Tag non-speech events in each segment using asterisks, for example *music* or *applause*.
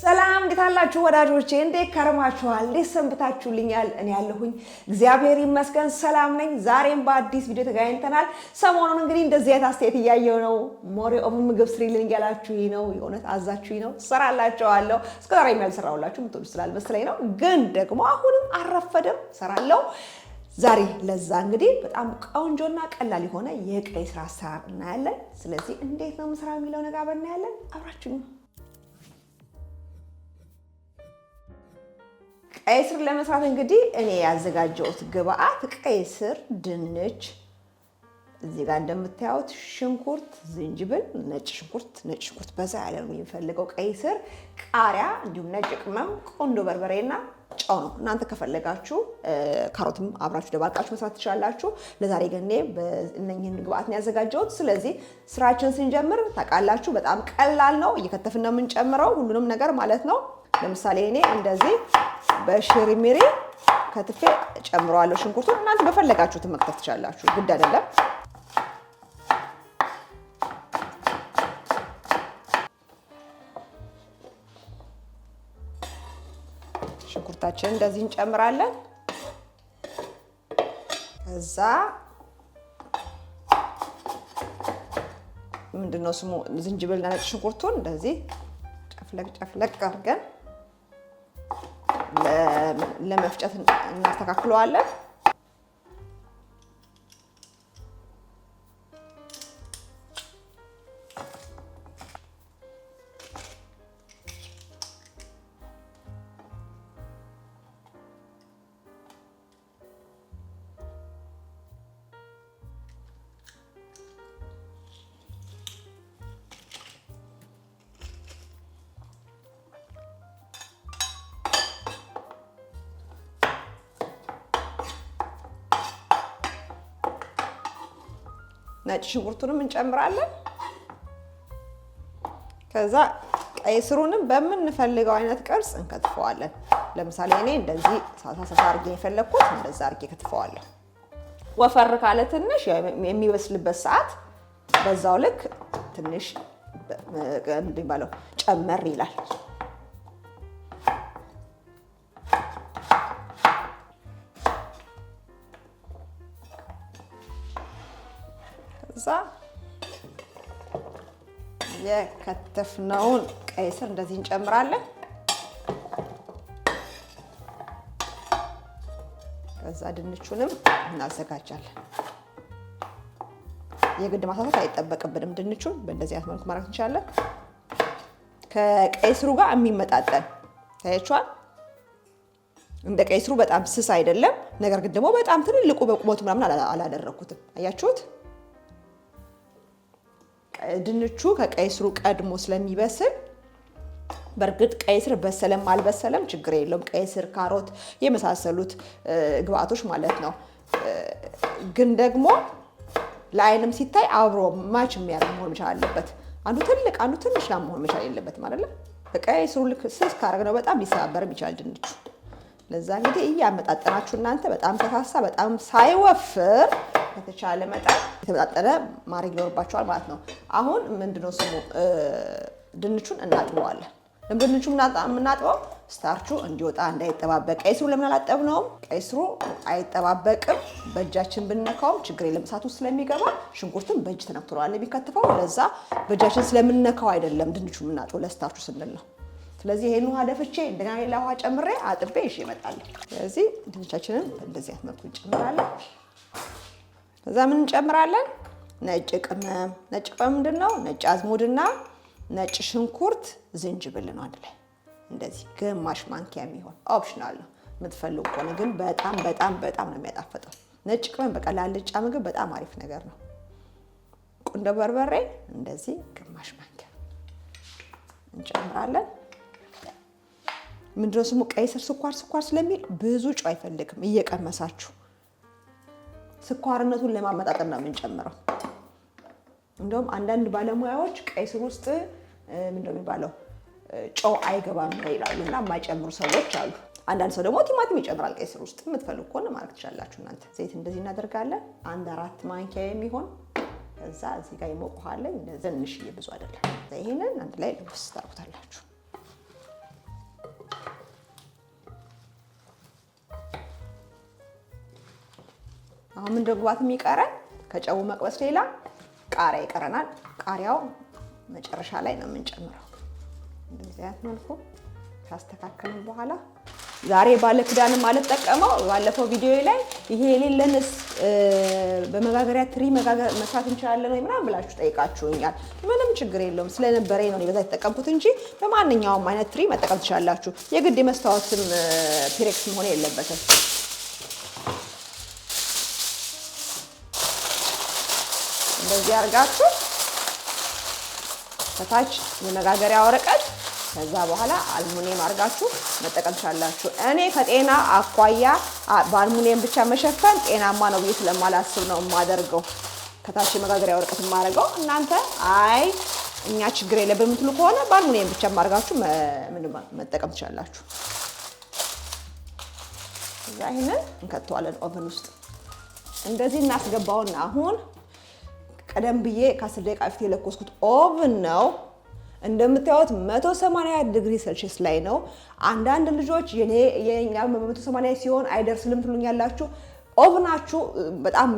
ሰላም እንዴት አላችሁ ወዳጆቼ? እንዴት ከርማችኋል? እንዴት ሰንብታችሁልኛል? እኔ ያለሁኝ እግዚአብሔር ይመስገን ሰላም ነኝ። ዛሬም በአዲስ ቪዲዮ ተገናኝተናል። ሰሞኑን እንግዲህ እንደዚህ አይነት አስተያየት እያየሁ ነው። ሞሪ ኦፍ ምግብ ስሪልኝ እያላችሁ ነው። የእውነት አዛችሁ ነው፣ እሰራላችኋለሁ። እስከ ዛሬ የሚያልሰራውላችሁ ምትሉ ስላልመሰለኝ ነው። ግን ደግሞ አሁንም አረፈደም እሰራለሁ። ዛሬ ለዛ እንግዲህ በጣም ቆንጆና ቀላል የሆነ የቀይ ስራ አሰራር እናያለን። ስለዚህ እንዴት ነው ምስራ የሚለው ነገር አብረን እናያለን። አብራችሁ ቀይ ስር ለመስራት እንግዲህ እኔ ያዘጋጀሁት ግብአት ቀይ ስር፣ ድንች እዚህ ጋር እንደምታዩት ሽንኩርት፣ ዝንጅብል፣ ነጭ ሽንኩርት ነጭ ሽንኩርት በዛ ያለ ነው የሚፈልገው። ቀይ ስር፣ ቃሪያ፣ እንዲሁም ነጭ ቅመም፣ ቆንዶ በርበሬና ጨው ነው። እናንተ ከፈለጋችሁ ካሮትም አብራችሁ ደባልቃችሁ መስራት ትችላላችሁ። ለዛሬ ግን እነኝህን ግብአት ነው ያዘጋጀሁት። ስለዚህ ስራችን ስንጀምር ታውቃላችሁ፣ በጣም ቀላል ነው። እየከተፍን ነው የምንጨምረው ሁሉንም ነገር ማለት ነው። ለምሳሌ እኔ እንደዚህ በሽሪሚሪ ከትፌ ጨምረዋለሁ ሽንኩርቱን። እናንተ በፈለጋችሁት መክተፍ ትችላላችሁ፣ ግድ አይደለም። ሽንኩርታችን እንደዚህ እንጨምራለን። ከዛ ምንድነው ስሙ ዝንጅብልና ነጭ ሽንኩርቱን እንደዚህ ጨፍለቅ ጨፍለቅ አድርገን ለመፍጨት እናስተካክለዋለን። ነጭ ሽንኩርቱንም እንጨምራለን። ከዛ ቀይ ስሩንም በምንፈልገው አይነት ቅርጽ እንከትፈዋለን። ለምሳሌ እኔ እንደዚህ ሳሳ ሳሳ አርጌ የፈለግኩት እንደዛ አርጌ ከትፈዋለሁ። ወፈር ካለ ትንሽ የሚበስልበት ሰዓት በዛው ልክ ትንሽ ጨመር ይላል። ከዛ የከተፍነውን ቀይ ስር እንደዚህ እንጨምራለን። ከዛ ድንቹንም እናዘጋጃለን። የግድ ማሳሳት አይጠበቅብንም። ድንቹን በእንደዚህ አይነት መልኩ ማድረግ እንችላለን። ከቀይ ስሩ ጋር የሚመጣጠን ታያችኋል። እንደ ቀይ ስሩ በጣም ስስ አይደለም፣ ነገር ግን ደግሞ በጣም ትልልቁ በቁመቱ ምናምን አላደረግኩትም። አያችሁት? ድንቹ ከቀይ ስሩ ቀድሞ ስለሚበስል በእርግጥ ቀይ ስር በሰለም አልበሰለም ችግር የለውም። ቀይ ስር፣ ካሮት የመሳሰሉት ግብአቶች ማለት ነው። ግን ደግሞ ለአይንም ሲታይ አብሮ ማች የሚያደርግ መሆን መቻል አለበት። አንዱ ትልቅ አንዱ ትንሽ ላ መሆን መቻል የለበትም አይደለም። በቀይ ስሩ ልክ ስስ ነው በጣም ሊሰባበርም ይችላል ድንቹ። ለዛ እንግዲህ እያመጣጠናችሁ እናንተ በጣም ከሳሳ በጣም ሳይወፍር ከተቻለ መጠን የተመጣጠነ ማድረግ ይኖርባቸዋል ማለት ነው። አሁን ምንድነው ስሙ ድንቹን እናጥበዋለን። ለምድንቹ የምናጥበው ስታርቹ እንዲወጣ እንዳይጠባበቅ። ቀይ ስሩ ለምን አላጠብነውም? ቀይ ስሩ አይጠባበቅም። በእጃችን ብንነካውም ችግር የለም እሳት ውስጥ ስለሚገባ። ሽንኩርትን በእጅ ተነክትሯል የሚከትፈው ለዛ በእጃችን ስለምንነካው አይደለም ድንቹ የምናጥበው ለስታርቹ ስንል ነው። ስለዚህ ይሄን ውሃ ደፍቼ እንደገና ሌላ ውሃ ጨምሬ አጥቤ ይዤ እመጣለሁ። ስለዚህ ድንቻችንን በእንደዚህ አይነት መልኩ እንጨምራለን። ከዛ ምን እንጨምራለን? ነጭ ቅመም። ነጭ ቅመም ምንድን ነው? ነጭ አዝሙድና ነጭ ሽንኩርት፣ ዝንጅብል ነው አንድ ላይ እንደዚህ ግማሽ ማንኪያ የሚሆን ኦፕሽናል ነው። የምትፈልጉ ከሆነ ግን በጣም በጣም በጣም ነው የሚያጣፍጠው ነጭ ቅመም። በቃ ለአልጫ ምግብ በጣም አሪፍ ነገር ነው። ቁንዶ በርበሬ እንደዚህ ግማሽ ማንኪያ እንጨምራለን። ምንድነው ስሙ ቀይ ስር ስኳር ስኳር ስለሚል ብዙ ጨው አይፈልግም እየቀመሳችሁ ስኳርነቱን ለማመጣጠን ነው የምንጨምረው። እንደውም አንዳንድ ባለሙያዎች ቀይ ስር ውስጥ ምንድነው የሚባለው ጨው አይገባም ነው ይላሉ እና የማይጨምሩ ሰዎች አሉ። አንዳንድ ሰው ደግሞ ቲማቲም ይጨምራል ቀይ ስር ውስጥ የምትፈልጉ ከሆነ ማለት ትችላላችሁ እናንተ። ዘይት እንደዚህ እናደርጋለን አንድ አራት ማንኪያ የሚሆን እዛ እዚህ ጋር ይሞቅ ትንሽዬ ብዙ አይደለም። ይሄንን አንድ ላይ ልብስ ታርጉታላችሁ። አሁን ምንድን ግባት የሚቀረን ከጨው መቅበስ ሌላ ቃሪያ ይቀረናል። ቃሪያው መጨረሻ ላይ ነው የምንጨምረው። እንደዚህ አይነት መልኩ ካስተካከልን በኋላ ዛሬ ባለክዳን ማለት አልጠቀመው። ባለፈው ቪዲዮ ላይ ይሄ የሌለንስ በመጋገሪያ ትሪ መስራት እንችላለን ወይ ምናምን ብላችሁ ጠይቃችሁኛል። ምንም ችግር የለውም ስለነበረ ነው በዛ የተጠቀምኩት እንጂ በማንኛውም አይነት ትሪ መጠቀም ትችላላችሁ። የግድ የመስታወትም ፒሬክስ መሆን የለበትም። እንደዚህ አርጋችሁ ከታች የመጋገሪያ ወረቀት ከዛ በኋላ አልሙኒየም አድርጋችሁ መጠቀም ትችላላችሁ። እኔ ከጤና አኳያ በአልሙኒየም ብቻ መሸፈን ጤናማ ነው ብዬ ስለማላስብ ነው የማደርገው ከታች የመጋገሪያ ወረቀት የማደርገው። እናንተ አይ እኛ ችግር የለብን የምትሉ ከሆነ በአልሙኒየም ብቻ ማርጋችሁ መጠቀም ትችላላችሁ። እዛ ይህንን እንከተዋለን ኦቨን ውስጥ እንደዚህ እናስገባውና አሁን ቀደም ብዬ ከአስር ደቂቃ በፊት የለኮስኩት ኦቭን ነው። እንደምታዩት 180 ዲግሪ ሴልሺየስ ላይ ነው። አንዳንድ ልጆች የኔ የኛ 180 ሲሆን አይደርስልም ትሉኛላችሁ። ኦቭናችሁ በጣም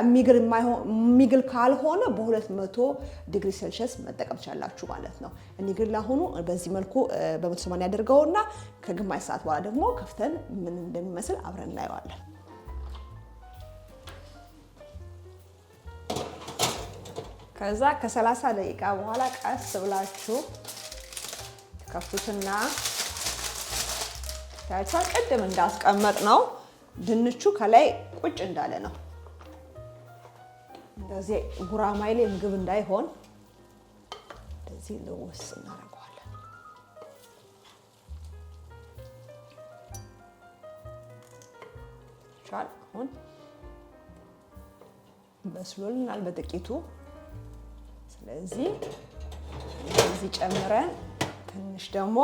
የሚግል የሚግል ካልሆነ በ200 ዲግሪ ሴልሺየስ መጠቀም ትችላላችሁ ማለት ነው። እኔ ግን ላሁኑ በዚህ መልኩ በ180 ያደርገውና ከግማሽ ሰዓት በኋላ ደግሞ ከፍተን ምን እንደሚመስል አብረን እናየዋለን። ከዛ ከሰላሳ ደቂቃ በኋላ ቀስ ብላችሁ ከፍቱትና ታይቷል። ቅድም እንዳስቀመጥ ነው ድንቹ ከላይ ቁጭ እንዳለ ነው። እንደዚህ ጉራማይሌ ምግብ እንዳይሆን እንደዚህ ልውስ እናደርገዋለን። አሁን በስሎልናል በጥቂቱ ስለዚህ እዚህ ጨምረን ትንሽ ደግሞ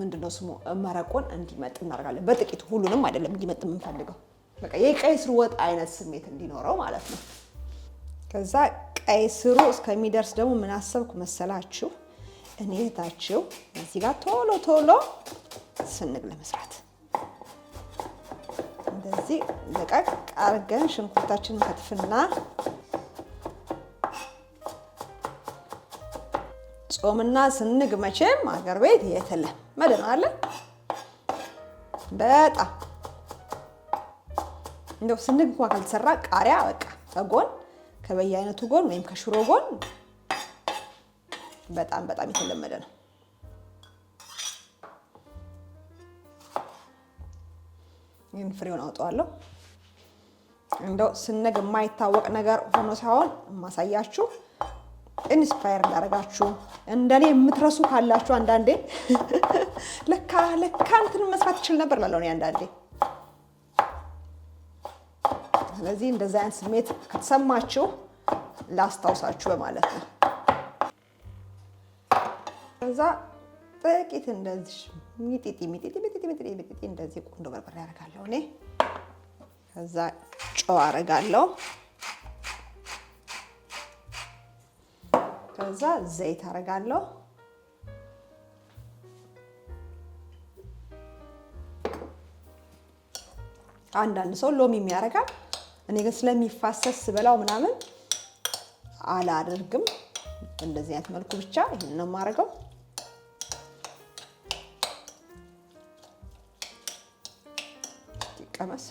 ምንድነው ስሙ መረቆን እንዲመጥ እናደርጋለን። በጥቂት ሁሉንም አይደለም እንዲመጥ የምንፈልገው በቃ የቀይ ስር ወጥ አይነት ስሜት እንዲኖረው ማለት ነው። ከዛ ቀይ ስሩ እስከሚደርስ ደግሞ ምን አሰብኩ መሰላችሁ? እኔ እህታችሁ እዚህ ጋር ቶሎ ቶሎ ስንግ ለመስራት እንደዚህ ለቀቅ አድርገን ሽንኩርታችንን ከትፍና ጾምና ስንግ መቼም አገር ቤት የትልም መድን አለ በጣም እንደው ስንግ እንኳ ካልተሰራ ቃሪያ በቃ ከጎን ከበየአይነቱ ጎን ወይም ከሽሮ ጎን በጣም በጣም የተለመደ ነው። ይህን ፍሬውን አውጠዋለሁ። እንደው ስንግ የማይታወቅ ነገር ሆኖ ሳይሆን ማሳያችሁ ኢንስፓየር እንዳደረጋችሁ እንደኔ የምትረሱ ካላችሁ አንዳንዴ *laughs* ለካ ለካ እንትን መስራት ይችል ነበር ላለሆነ አንዳንዴ። ስለዚህ እንደዚህ አይነት ስሜት ከተሰማችሁ ላስታውሳችሁ በማለት ነው። ከዛ ጥቂት እንደዚህ ሚጢጢ ሚጢጢ ሚጢጢ ሚጢጢ እንደዚህ ቁንዶ በርበሬ አደርጋለሁ እኔ። ከዛ ጨው አደርጋለሁ። ከዛ ዘይት አደርጋለሁ። አንዳንድ ሰው ሎሚ የሚያደርጋል። እኔ ግን ስለሚፋሰስ ስበላው ምናምን አላደርግም። እንደዚህ አይነት መልኩ ብቻ ይህን ነው የማደርገው። ይቀመስ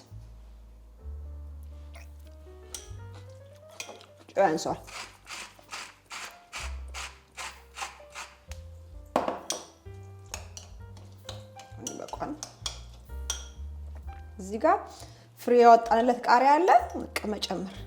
ጨው ጋር ፍሬ ያወጣንለት ቃሪያ አለ በቃ መጨመር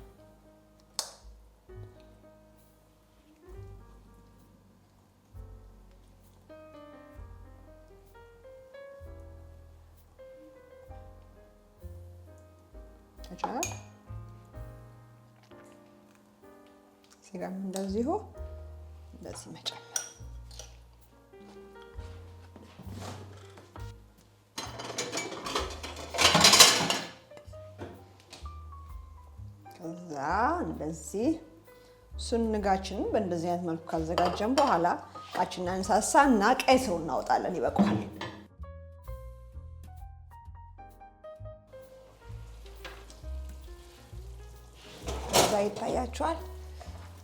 እዚህ ጋር እንደዚሁ እንደዚህ መጨመር እንደዚህ ሱንጋችንን በእንደዚህ አይነት መልኩ ካዘጋጀን በኋላ አችን አንሳሳ እና ቀይ ሰው እናወጣለን። ይበቃዋል። እዛ ይታያችኋል።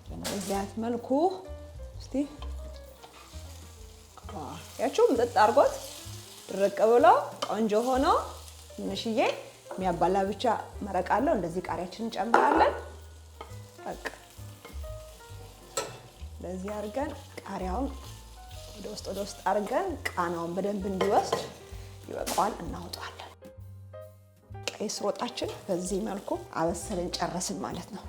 በእንደዚህ አይነት መልኩ እስቲ ያችሁ ምጥጥ አድርጎት ድርቅ ብሎ ቆንጆ ሆኖ ትንሽዬ የሚያባላ ብቻ መረቃለሁ። እንደዚህ ቃሪያችንን እንጨምራለን። በቃ እንደዚህ አድርገን ቃሪያውን ወደ ውስጥ ወደ ውስጥ አድርገን ቃናውን በደንብ እንዲወስድ ይበቃዋል፣ እናውጠዋለን። ቀይ ስር ወጣችን በዚህ መልኩ አበሰልን ጨረስን ማለት ነው።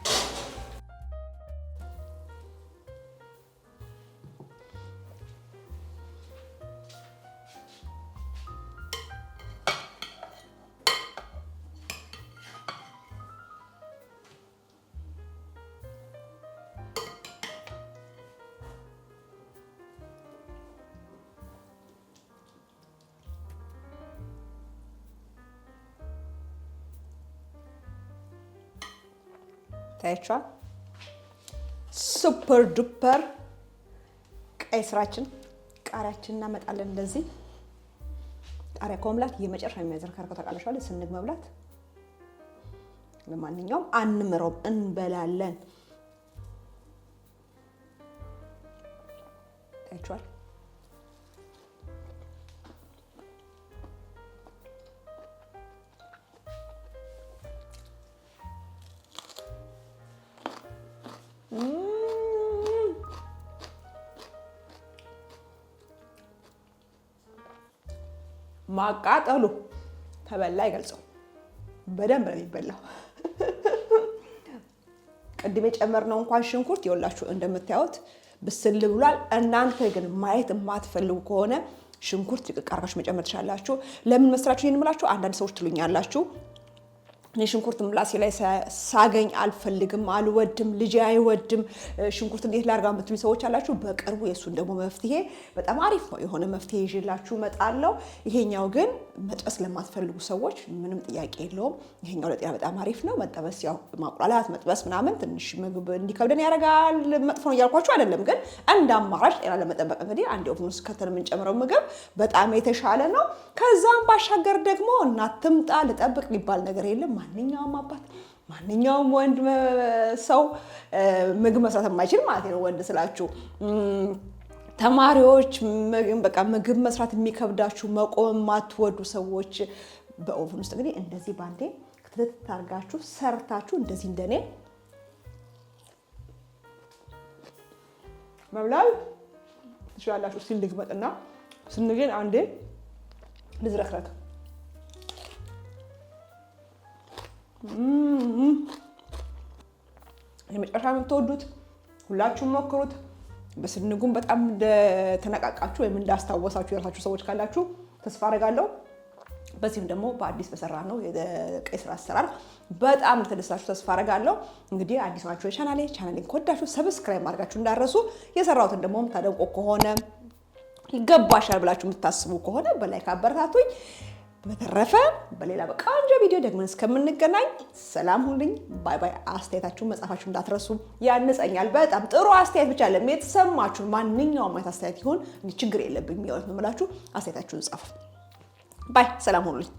ታያቸዋል። ሱፐር ዱፐር ቀይ ስራችን ቃሪያችን እናመጣለን። እንደዚህ ቃሪያ ከመብላት የመጨረሻ የሚያዘርከርከው ታውቃላችኋል፣ ስንግ መብላት። ለማንኛውም አንምረውም፣ እንበላለን። ታያቸዋል ማቃጠሉ ተበላ አይገልጸው። በደንብ ነው የሚበላው። ቅድም የጨመርነው እንኳን ሽንኩርት የወላችሁ እንደምታዩት ብስል ብሏል። እናንተ ግን ማየት የማትፈልጉ ከሆነ ሽንኩርት ቀርፋችሁ መጨመር ትችላላችሁ። ለምን መስራችሁ ይህን ምላችሁ አንዳንድ ሰዎች ትሉኛላችሁ። እኔ ሽንኩርት ምላሴ ላይ ሳገኝ አልፈልግም፣ አልወድም፣ ልጅ አይወድም፣ ሽንኩርት እንዴት ላርጋ የምትሉ ሰዎች አላችሁ። በቅርቡ የእሱን ደግሞ መፍትሄ በጣም አሪፍ ነው የሆነ መፍትሄ ይዤላችሁ እመጣለሁ። ይሄኛው ግን መጥበስ ለማትፈልጉ ሰዎች ምንም ጥያቄ የለውም። ይሄኛው ለጤና በጣም አሪፍ ነው። መጠበስ ያው ማቁላላት፣ መጥበስ ምናምን ትንሽ ምግብ እንዲከብደን ያደርጋል። መጥፎ ነው እያልኳችሁ አይደለም፣ ግን እንደ አማራጭ ጤና ለመጠበቅ እንግዲህ አንድ ኦቭን ውስጥ ከተን የምንጨምረው ምግብ በጣም የተሻለ ነው። ከዛም ባሻገር ደግሞ እናትምጣ ልጠብቅ የሚባል ነገር የለም ማንኛውም አባት ማንኛውም ወንድ ሰው ምግብ መስራት የማይችል ማለት ነው። ወንድ ስላችሁ ተማሪዎች፣ በቃ ምግብ መስራት የሚከብዳችሁ መቆም የማትወዱ ሰዎች በኦቨን ውስጥ እንግዲህ እንደዚህ ባንዴ ክትትት ታርጋችሁ ሰርታችሁ እንደዚህ እንደኔ መብላል ትችላላችሁ። ሲል ልግመጥና ስንግን አንዴ ልዝረክረክ የመጨረሻ የምትወዱት ሁላችሁም ሞክሩት። በስንጉም በጣም እንደተነቃቃችሁ ወይም እንዳስታወሳችሁ የራሳችሁ ሰዎች ካላችሁ ተስፋ አደርጋለሁ። በዚህም ደግሞ በአዲስ በሰራ ነው የቀይ ስር አሰራር በጣም ተደስታችሁ ተስፋ አደርጋለሁ። እንግዲህ አዲስ ናችሁ የቻናሌ ቻናሌን ከወዳችሁ ሰብስክራይብ ማድረጋችሁ እንዳረሱ የሰራሁትን ደግሞ የምታደንቆ ከሆነ ይገባሻል ብላችሁ የምታስቡ ከሆነ በላይክ አበረታቱኝ። በተረፈ በሌላ በቃንጆ ቪዲዮ ደግመን እስከምንገናኝ ሰላም ሁኑልኝ። ባይ ባይ። አስተያየታችሁን መጻፋችሁ እንዳትረሱ፣ ያንጸኛል። በጣም ጥሩ አስተያየት ብቻ ለም የተሰማችሁን ማንኛውም አይነት አስተያየት ይሁን ችግር የለብኝ የሚያወት ምላችሁ አስተያየታችሁን ጻፉ። ባይ። ሰላም ሁኑልኝ።